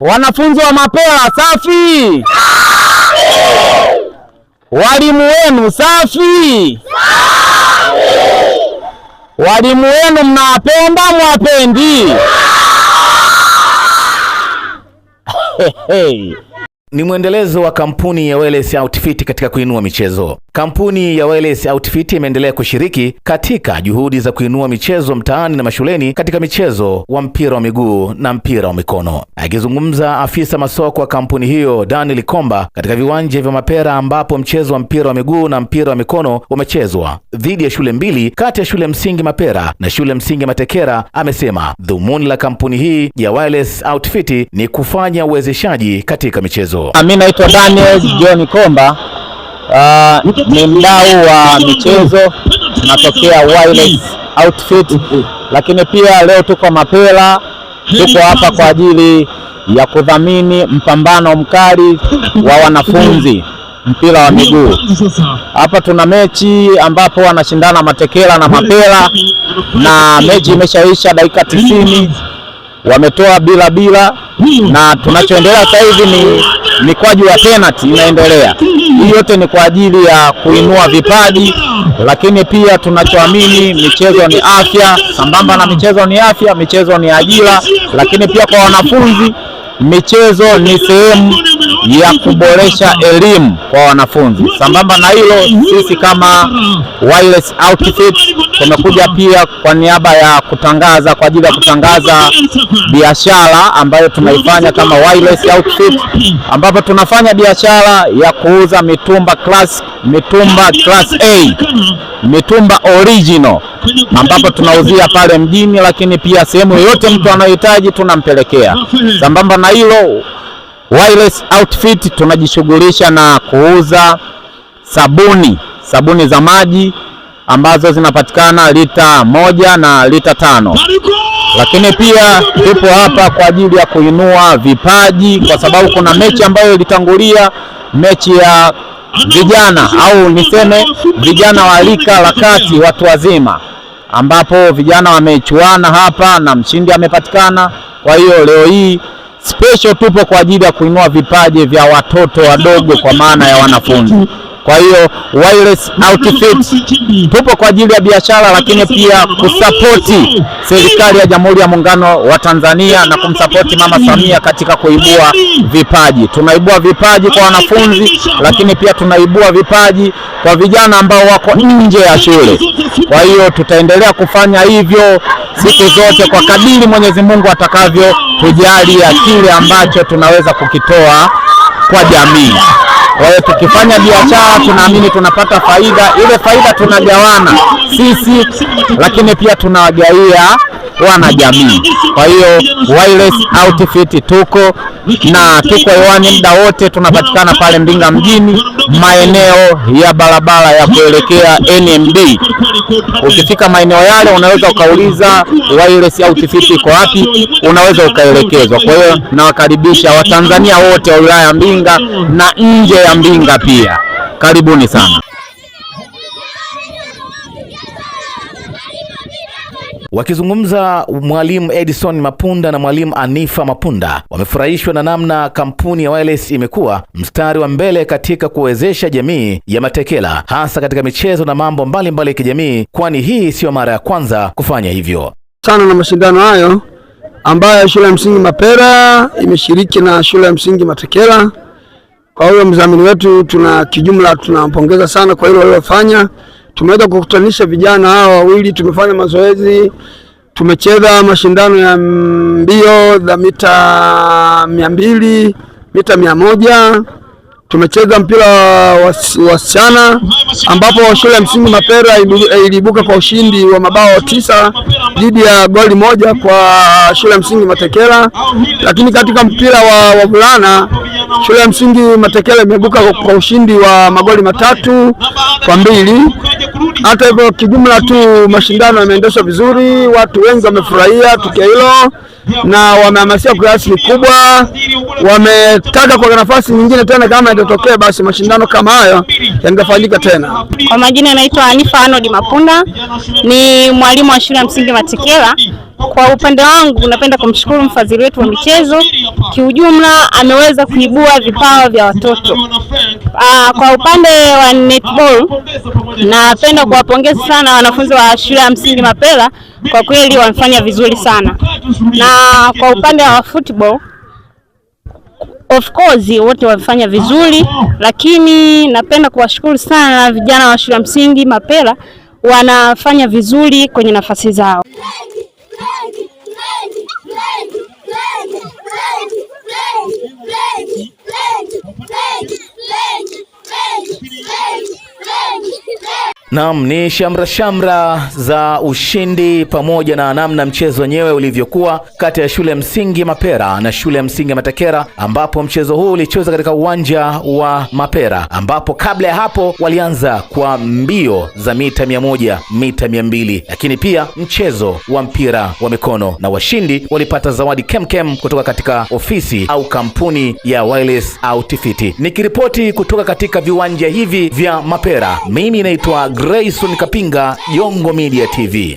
Wanafunzi wa Mapela safi! Walimu wenu safi! Walimu wenu mnawapenda, mwapendi? Ni mwendelezo wa kampuni ya Wellness Outfit katika kuinua michezo. Kampuni ya Wireless Outfit imeendelea kushiriki katika juhudi za kuinua michezo mtaani na mashuleni katika michezo wa mpira wa miguu na mpira wa mikono. Akizungumza afisa masoko wa kampuni hiyo Daniel Komba katika viwanja vya Mapera ambapo mchezo wa mpira wa miguu na mpira wa mikono umechezwa dhidi ya shule mbili kati ya shule msingi Mapera na shule msingi Matekera, amesema dhumuni la kampuni hii ya Wireless Outfit ni kufanya uwezeshaji katika michezo. Mimi naitwa Daniel John Komba Uh, ni mdau wa michezo natokea Wireless Outfit, lakini pia leo tuko Mapela, tuko hapa kwa ajili ya kudhamini mpambano mkali wa wanafunzi mpira wa miguu. Hapa tuna mechi ambapo wanashindana Matekela na Mapela, na mechi imeshaisha dakika tisini wametoa bila bila, na tunachoendelea sasa hivi ni mikwaju ya penalty inaendelea. Hii yote ni kwa ajili ya kuinua vipaji, lakini pia tunachoamini michezo ni afya. Sambamba na michezo ni afya, michezo ni ajira, lakini pia kwa wanafunzi michezo ni sehemu ya kuboresha elimu kwa wanafunzi. Sambamba na hilo, sisi kama Wireless Outfit tumekuja pia kwa niaba ya kutangaza kwa ajili ya kutangaza biashara ambayo tunaifanya kama Wireless Outfit, ambapo tunafanya biashara ya kuuza mitumba class, mitumba class A, mitumba original, ambapo tunauzia pale mjini, lakini pia sehemu yoyote mtu anayohitaji tunampelekea. Sambamba na hilo Wireless Outfit tunajishughulisha na kuuza sabuni, sabuni za maji ambazo zinapatikana lita moja na lita tano, lakini pia tupo hapa kwa ajili ya kuinua vipaji, kwa sababu kuna mechi ambayo ilitangulia, mechi ya vijana au niseme vijana wa rika la kati, watu wazima, ambapo vijana wamechuana hapa na mshindi amepatikana. Kwa hiyo leo hii Special tupo kwa ajili ya kuinua vipaji vya watoto wadogo kwa maana ya wanafunzi. Kwa hiyo Wireless Outfit tupo kwa ajili ya biashara, lakini pia kusapoti serikali ya Jamhuri ya Muungano wa Tanzania na kumsapoti Mama Samia katika kuibua vipaji. Tunaibua vipaji kwa wanafunzi, lakini pia tunaibua vipaji kwa vijana ambao wako nje ya shule. Kwa hiyo tutaendelea kufanya hivyo siku zote kwa kadiri Mwenyezi Mungu atakavyo tujalia kile ambacho tunaweza kukitoa kwa jamii. Kwa hiyo tukifanya biashara, tunaamini tunapata faida, ile faida tunagawana sisi, lakini pia tunawagawia wanajamii. Kwa hiyo Wireless Outfit tuko na tuko hewani muda wote, tunapatikana pale Mbinga mjini maeneo ya barabara ya kuelekea NMB. Ukifika maeneo yale, unaweza ukauliza Wireless Outfit iko wapi, unaweza ukaelekezwa. Kwa hiyo nawakaribisha Watanzania wote wa wilaya ya Mbinga na nje ya Mbinga pia, karibuni sana. Wakizungumza, Mwalimu Edison Mapunda na Mwalimu Anifa Mapunda wamefurahishwa na namna kampuni ya Wireless imekuwa mstari wa mbele katika kuwezesha jamii ya Matekela hasa katika michezo na mambo mbalimbali ya kijamii, kwani hii siyo mara ya kwanza kufanya hivyo sana na mashindano hayo ambayo shule ya msingi Mapera imeshiriki na shule ya msingi Matekela. Kwa hiyo mzamini wetu tuna kijumla tunampongeza sana kwa hilo alilofanya tumeweza kukutanisha vijana hawa wawili, tumefanya mazoezi, tumecheza mashindano ya mbio za mita mia mbili, mita mia moja tumecheza mpira wa wasichana ambapo wa shule ya msingi Mapera iliibuka kwa ushindi wa mabao tisa dhidi ya goli moja kwa shule ya msingi Matekela. Lakini katika mpira wa wavulana shule ya msingi Matekela imeibuka kwa ushindi wa magoli matatu kwa mbili. Hata hivyo, kijumla tu mashindano yameendeshwa vizuri, watu wengi wamefurahia tukio hilo na wamehamasia kwa kiasi kikubwa, wametaka kwa nafasi nyingine tena, kama itatokea basi mashindano kama hayo yangefanyika tena. Kwa majina, anaitwa anifa Arnold Mapunda, ni mwalimu wa shule ya msingi Matekela. Kwa upande wangu napenda kumshukuru mfadhili wetu wa michezo, kiujumla ameweza kuibua vipawa vya watoto. Aa, ah, kwa upande wa netball napenda kuwapongeza sana wanafunzi wa shule ya msingi Mapela, kwa kweli wamefanya vizuri sana, na kwa upande wa football Of course wote wamefanya vizuri, lakini napenda kuwashukuru sana vijana wa shule ya msingi Mapela, wanafanya vizuri kwenye nafasi zao. Naam, ni shamra shamra za ushindi pamoja na namna mchezo wenyewe ulivyokuwa kati ya shule msingi Mapera na shule ya msingi Matekera, ambapo mchezo huu ulicheza katika uwanja wa Mapera, ambapo kabla ya hapo walianza kwa mbio za mita moja, mita mia mbili lakini pia mchezo wa mpira wa mikono, na washindi walipata zawadi kemkem kutoka katika ofisi au kampuni ya Wireless Outfit. Nikiripoti kutoka katika viwanja hivi vya Mapera, mimi naitwa Grayson Kapinga, Jongo Media TV.